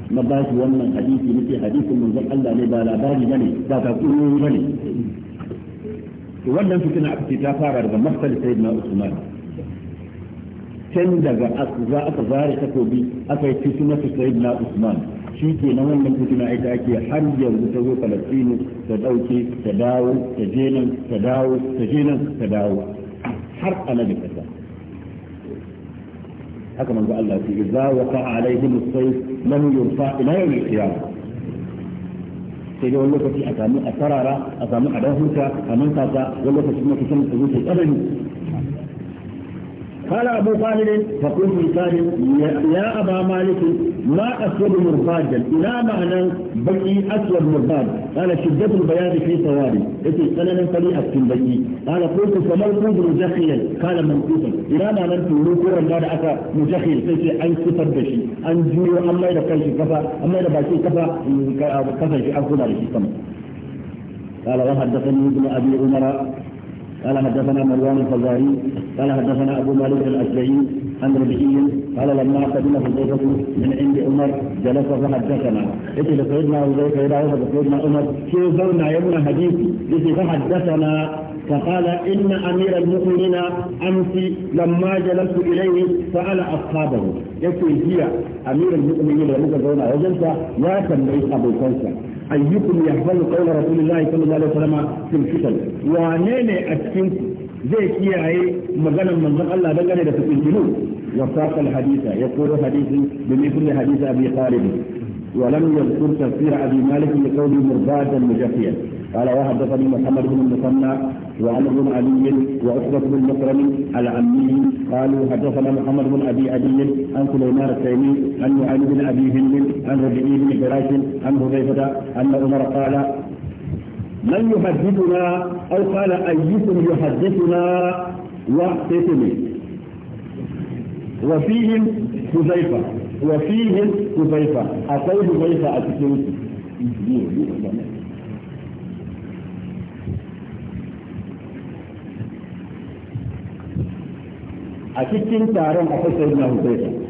S3: na ba shi wannan hadisi nake hadisin manzon Allah ne ba labari bane ba ta kuro bane to wannan fitina aka ce ta fara daga mafsal sayyidina Usman can daga za aka zare takobi aka yi fitina sayyidina Usman shi ke na wannan fitina ita ake har yanzu ta zo Falastinu ta dauke ta dawo ta je nan ta dawo ta je nan ta dawo har annabi haka manzo Allah ya ce idza waqa alaihim as-sayf lam yurfa ila yawm al-qiyamah sai dai wani lokaci a sami a sarara a sami a dan huta a nan kasa wani lokaci kuma kisan da zuke tsanani قال أبو طالب فقلت لطالب يا أبا مالك ما أسود مرفاجا إلى معنى بقي أسود مرفاج قال شدة البياض في سواري إتي أنا لم تلي أكتم بقي قال قلت فما القدر مزخيا قال من قلت إلى معنى تقولوا كورا بعد أكا مزخيا سيتي أن سفر بشي أن جيرو أما إذا كان شي كفا أما إذا باشي كفا كفا شي أخذ على شي كما قال وحدثني ابن أبي عمر قال حدثنا مروان الفزاري قال حدثنا ابو مالك الاشجعي عن ربيعي قال لما قدم في الضيفه من عند عمر جلس فحدثنا اتي ابو حذيفه الى عمر سيدنا عمر في زرنا يوم حديث اتي فحدثنا فقال ان امير المؤمنين امس لما جلست اليه سال اصحابه يقول هي امير المؤمنين لما زرنا وجلس يا تنبيه ابو كنسه ايكم يحفظ قول رسول الله صلى الله عليه وسلم في الفتن ne a zai kiyaye maganar manzon Allah dangane da fitinu wa saqal haditha yaqulu hadithu bi kulli hadith abi talib ولم يذكر تفسير ابي مالك لقوله مربادا مجفيا قال وحدثني محمد بن المثنى وعن بن علي وعقبة بن مكرم العمي قالوا حدثنا محمد بن ابي عدي عن سليمان التيمي عن نعيم بن ابي هند عن ربيعي بن فراش عن حذيفة ان عمر قال من يحدثنا أو قال أيكم يحدثنا وقتتني وفيهم حذيفة وفيهم حذيفة أقول حذيفة أتكلم a cikin taron akwai sayyidina Hudayfa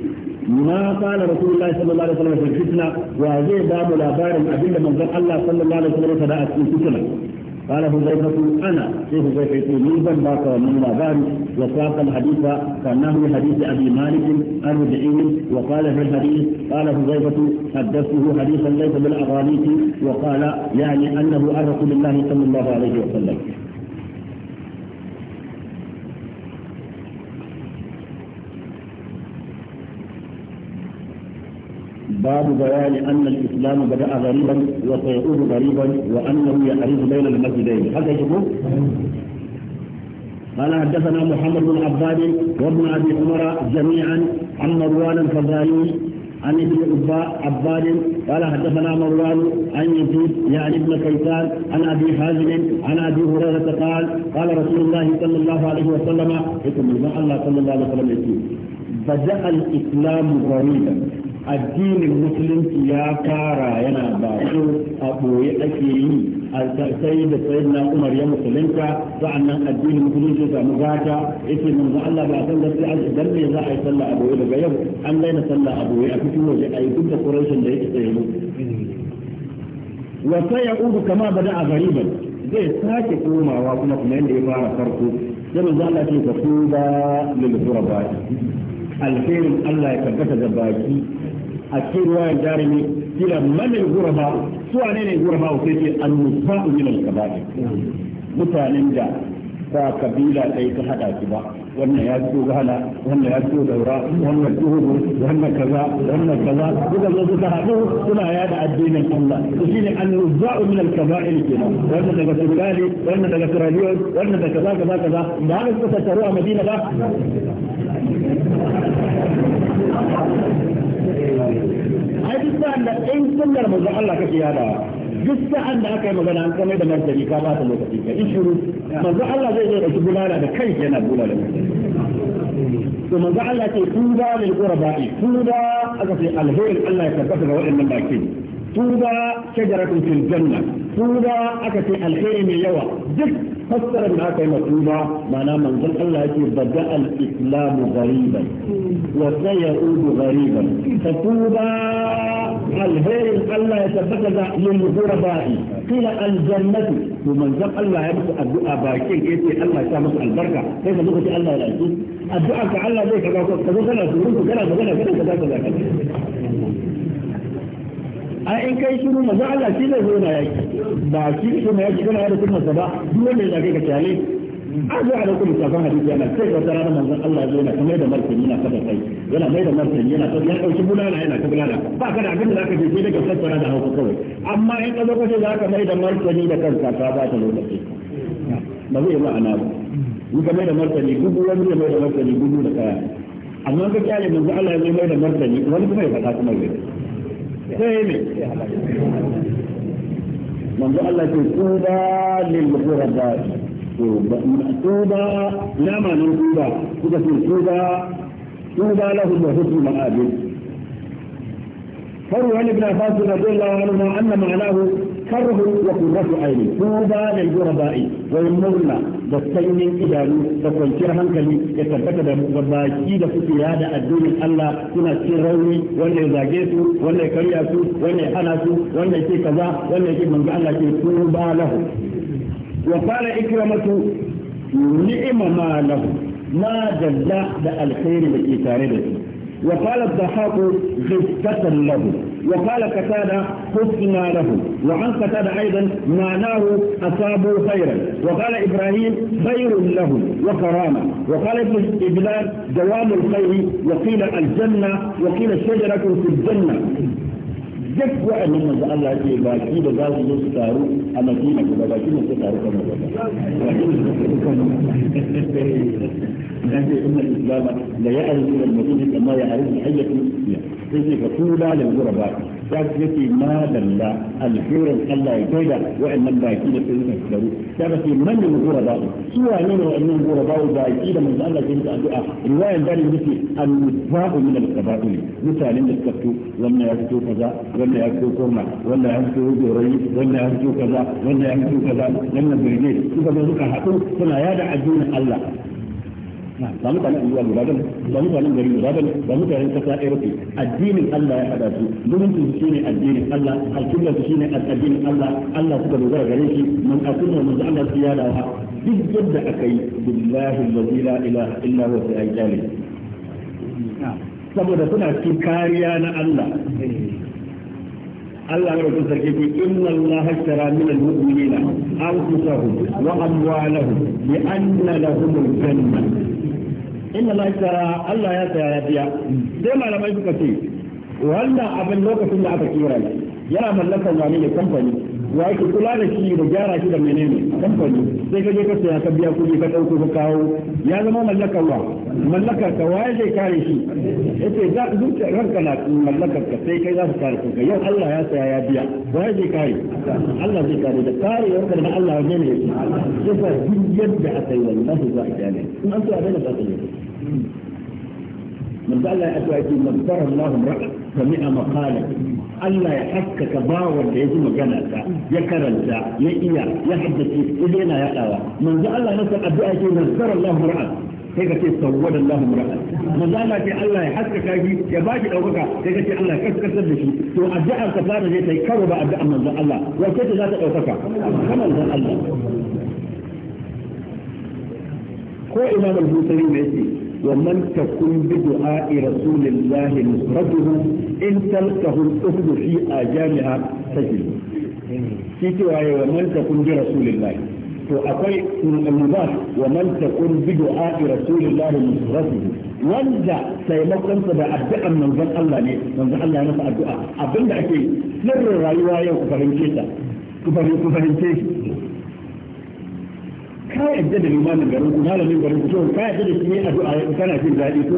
S3: ما قال رسول الله صلى الله عليه وسلم في الفتنة وهذه باب الأبار أبدا من ذا الله صلى الله عليه وسلم فداءت في الفتنة قال حذيفة أنا شيخ حذيفة ليبا باك ومن الأبار وساق الحديث كأنه حديث أبي مالك الربعي وقال في الحديث قال حذيفة حدثته حديثا ليس بالأغاليك وقال يعني أنه عن رسول الله صلى الله عليه وسلم باب بيان أن الإسلام بدأ غريبا وسيعود غريبا وأنه يعرف بين المسجدين هل يجب؟ قال حدثنا محمد بن عباد وابن أبي عمر جميعا عن مروان الفزاري عن ابن عباد قال حدثنا مروان عن يزيد يعني ابن كيسان عن ابي حازم عن ابي هريره قال قال رسول الله صلى الله عليه وسلم الله صلى الله عليه وسلم بدا الاسلام غريبا addinin musulunci ya fara yana ba a ɓoye ake yi sai da sai na umar ya musulunta sa'annan addinin musulunci ya samu gata yake manzo Allah ba san da an dan za a yi sallah a ɓoye daga yau an daina sallah a ɓoye a cikin waje a yi duk da Quraishin da yake tsaye ya sayaudu kama bada a gariban zai sake komawa kuma kuma yanda ya fara farko sai manzo Allah ya ce ka tuba lil furaba alherin Allah ya tabbata da baki a cikin ruwayan jarumi kila manin gurba su ne ne gurba sai ce annufa'u min al-kaba'ir mutanen da ba kabila ɗaya ta haɗa su ba wannan ya fito gana wannan ya fito daura wannan tuhu wannan kaza wannan kaza duka zo suka haɗu suna yada addinin Allah to shine annuza'u min al-kaba'ir kenan wannan daga Senegal wannan daga Sierra Leone wannan daga kaza kaza kaza da haka suka taru a Madina ba
S1: ai
S3: duk sa'an da in sunnar manzon Allah kake yada duk sa'an da aka yi magana an kamar da martani ka ba ta lokaci ka in shiru manzon Allah zai zo da shi bulala da kai yana bulala to manzon Allah ce tuba lil qurba'i tuba aka ce alheri Allah ya tabbata ga waɗannan baki tuba shajaratun fil janna tuba aka ce alheri mai yawa duk fassarar da aka yi matuba mana manzon Allah yake bada al-islam ghariban wa sayaudu ghariban fatuba alherin Allah ya tabbata da yin ghurba'i kila al-jannatu to manzon Allah ya musu addu'a bakin yace Allah ya musu albarka sai da lokaci Allah ya alƙi addu'a ka Allah zai kaga ko kaza kana surun kana kana kana kaza kaza a in kai shiru maza Allah shi zai zo na yaki ba shi shi na yaki kana da kuma sa ba duk wanda ya zage ka kyale azu ala kullu safan hadisi yana sai wata rana manzon Allah zai zo na kamar da martani na kada kai yana mai da martani yana ya dauki bulala yana ta bulala ba ka da abin da zaka je daga fassara da hauka kawai amma in ka zo kace zaka mai da martani da kanka ka ba ta lokaci ba zai ma'ana ba in ka mai da martani gugu wani ya mai da martani gugu da kaya amma ka kyale manzo Allah ya mai da martani wani kuma ya faɗa kuma ya ثاني من قال توبة للغرباء توبة توبة لا من توبة توبة توبة توبة له بحسن مآبد فروا عن ابن عباس رضي الله عنه أن معناه كره وقرة عينه توبة للغرباء ويمرنا da sanyin idanu da kwanciyar hankali ya tabbata da baki da kuke yada addinin Allah suna cin rauni wanda ya zage su wanda ya karya su wanda ya hana su wanda ya ce kaza wanda ya ce manzo Allah ke ba lahu wa qala ikramatu ni'ma ma lahu ma dalla da alkhairi da ke tare da shi wa qala dhahaku ghiftatan lahu وقال قتادة حسن له وعن كتاب أيضا معناه أصابوا خيرا وقال إبراهيم خير له وكرامة وقال ابن إبلال دوام الخير وقيل الجنة وقيل شجرة في الجنة duk wa'annan manzo Allah ke baki da za su zo su taru a Madina da baki ne su taru kan Madina dan sai ummar islam da ya arzu da Madina kamar ya arzu hajjatu sai ka kula da gurba za su yake madalla alherin Allah ya kai da wa'annan baki da sun kaskaru ya ka ce man yin gura ba'u su wane ne wa'annan gura da baki da manzo Allah ya yi addu'a riwayan da yake al-ba'u min al-qaba'il mutanen da suka fito wannan ya fito kaza wannan ya fito kurma wannan ya fito gorayi wannan ya fito kaza wannan ya fito kaza wannan birge suka zo suka haɗu suna yada addinin Allah ba mutanen anguwa guda bane ba mutanen gari guda bane ba mutanen kasa ɗaya bace addinin Allah ya hada su mutuncin su shine addinin Allah alƙiblar su shine addinin Allah Allah suka dogara gare shi man akunna manzo Allah su ya dawa duk yadda akai billahi allazi la ilaha illa huwa sai ai saboda suna cikin kariya na Allah الله رب العالمين إن الله اشترى من المؤمنين أنفسهم وأموالهم بأن لهم الجنة inna la tara Allah ya saya ya biya sai malamai suka ce wannan abin lokacin da aka kira yana mallakar wani ne kamfani wa ake kula da shi da gyara shi da menene kamfani sai ka je ka saya ka biya kuɗi ka ɗauko ka kawo ya zama mallakar wa mallakar ka waye zai kare shi yace za ka ranka na mallakar ka sai kai za ka kare kanka yau Allah ya saya ya biya waye zai kare Allah zai kare da kare Allah ya ne sai ka duk yadda aka yi wallahi za ka gane in an so a ka من قال لا أتوا من ضر الله امرأة سمع مقالا Allah ya haskaka bawan da ya ji magana ta ya karanta ya iya ya haddace idan yana yadawa manzo Allah na san addu'a ce nazzara Allah mur'an sai ka ce sawwada Allah mur'an manzo Allah ce Allah ya haskaka shi ya baki daukaka sai ka ce Allah ya kaskasar da shi to addu'ar ka fara ne yi karo ba addu'a manzo Allah wace ce za ta daukaka kamar Allah ko imam al-Bukhari ne yake ومن تكون بدعاء رسول الله نصرته إن تلقه الأهد في آجامها تجد كيتي ومن تكون برسول الله فأقول المضاف ومن تكون بدعاء رسول الله نصرته wanda taimakonsa da addu'an manzon Allah ne manzon Allah ya masa addu'a abinda ake sirrin rayuwa yau ku fahimce ku fahimce shi ka yadda da limamin garin ku malamin garin ku to ka yadda da shi addu'a kana jin daɗi ko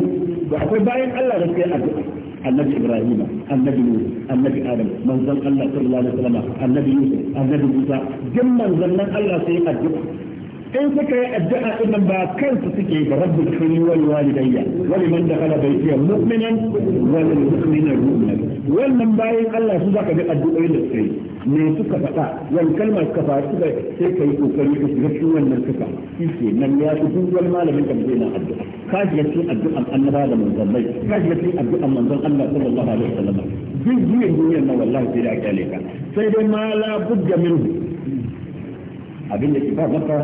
S3: to akwai bayan Allah da suka yi addu'a annabi Ibrahim annabi Nuh annabi Adam manzon Allah sallallahu alaihi wasallam annabi Yusuf annabi Musa duk manzannin Allah sai addu'a in suka yi addu'a idan ba kansu suke ga rabbul khayri wal walidayya wal man dakhala baytiya mu'minan wal mu'mina mu'minan wannan bayan Allah su zaka ga addu'o'in da suke me suka faɗa wani kalmar suka faɗi ba sai ka yi kokari ka shiga cikin wannan suka shi nan ya fi duk wani malamin da zai na addu'a ka shiga cikin addu'an annaba da manzannai ka shiga cikin addu'an manzon Allah sallallahu alaihi wasallam duk duniyar duniyar na wallahi sai da kyale ka sai dai ma la budda minhu abin da ke ba maka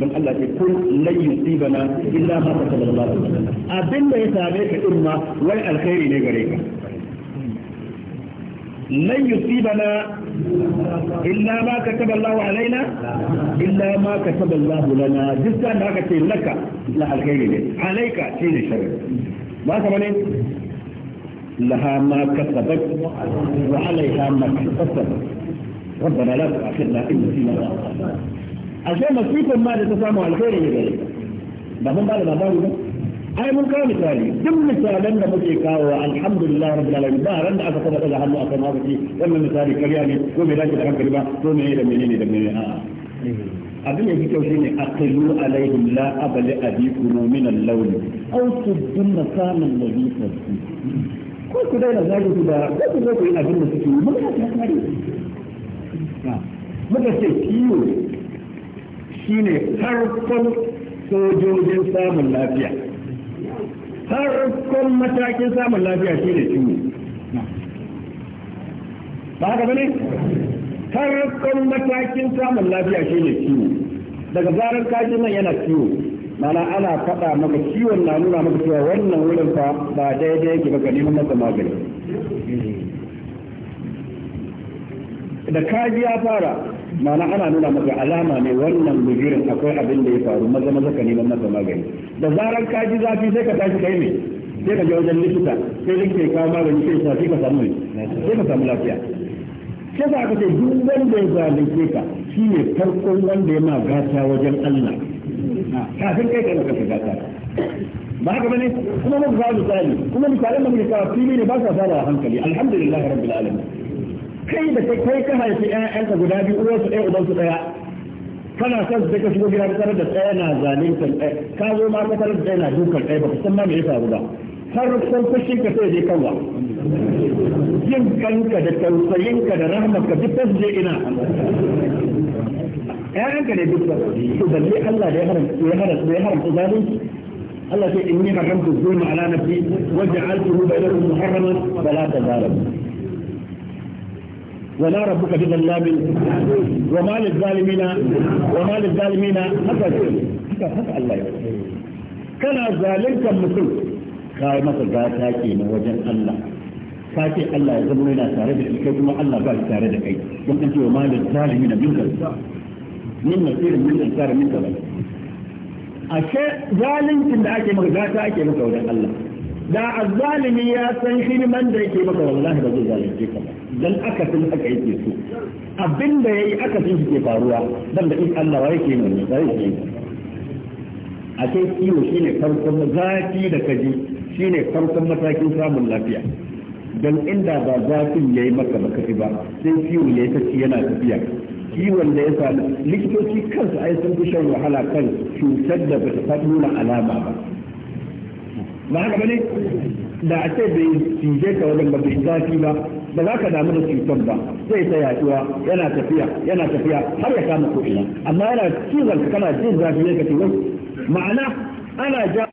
S3: don Allah ce kun lai yusibana illa ma sallallahu alaihi wasallam abin da ya same ka din ma wai alkhairi ne gare ka لن يصيبنا إلا ما كتب الله علينا إلا ما كتب الله لنا جزءا ما كتب لك لا الخير عليك شيء الشر ما كمان لها ما كتبت وعليها ما كتبت ربنا لا تؤاخذنا إن نسينا عشان نصيب ما تسامح الخير لذلك ده هم بعد ما ai mun kawo misali duk misalan da muke kawo alhamdulillah rabbil alamin ba ran da aka kuma daga hannu akan haka wannan misali kariya ne ko bai dace da hankali ba ko ne da menene da menene a'a abin da yake kyau shine aqilu alaihim la abali abikum min al-lawn aw tudun makanan nabi sabbi ko ku daina zagi ku da ko ku zo ku yi abin da suke yi mun ta kare muka ce kiwo shine farkon sojojin samun lafiya farkon matakin samun lafiya shi ne ciwo ba haka bane farkon matakin samun lafiya shi ne ciwo daga zarar kaji nan yana ciwo mana ana faɗa maka ciwon na nuna maka cewa wannan wurin fa ba daidai yake ba ka neman masa magani da kaji ya fara mana ana nuna maka alama ne wannan bujirin akwai abin da ya faru maza maza ka neman masa magani da zarar ka ji zafi sai ka tashi kai ne sai ka je wajen likita sai likita ya kawo magani sai ya ka samu sai ka samu lafiya sai ka ce duk wanda ya zalunce ka shi ne farkon wanda ya ma gata wajen Allah kafin kai kai maka gata ba haka bane kuma mun ga misali kuma misalan da muke kawo fili ne ba sa saba hankali alhamdulillah rabbil alamin kai da kai ka haifi ƴaƴanka guda biyu uwarsu ɗaya ubansu ɗaya kana son da ka shigo gida tare da ɗaya na zalintar ɗaya ka zo ma ka tare da ɗaya na dukan ɗaya ba ka san ma me ya faru ba har san fushin ka sai dai kanwa jin kanka da tausayinka da rahmarka duk ta je ina ƴaƴanka ne duk to balle Allah da ya haramta ya haramta ya haramta zalunci Allah sai inni haramtu zulma ala nafsi waja'altuhu bainakum muharraman fala tazalim وما ربك بظلام وما للظالمين وما للظالمين haka haka haka Allah ya kana zalunta mutum kai masa gata ke na wajen Allah ka ce Allah ya zama yana tare da kai kuma Allah ba tare da kai don an ce wa malin zalimin min ka min nasirin min ansar min A ce zaluncin da ake maka gata ake maka wajen Allah da azzalimi ya san hirman da yake maka wallahi ba zai zalunce ka dan akasin haka yake so abinda yayi akasin shi ke faruwa dan da in Allah wa yake mun ba yake a kai kiwo shine farkon zafi da kaji shine farkon matakin samun lafiya dan inda ba zafin yayi maka ba kafi ba sai kiwo yayi ta yana tafiya ciwon da ya samu likitoci kansu ai sun fi shan wahala kan cutar da bata nuna alama ba ba haka bane da a ce bai cije ka wajen ba bai zafi ba ba za ka damu da cutar ba zai ta yaduwa yana tafiya yana tafiya har ya kama ko ina amma yana cizon kana jin zafi ne ka ce ma'ana ana ja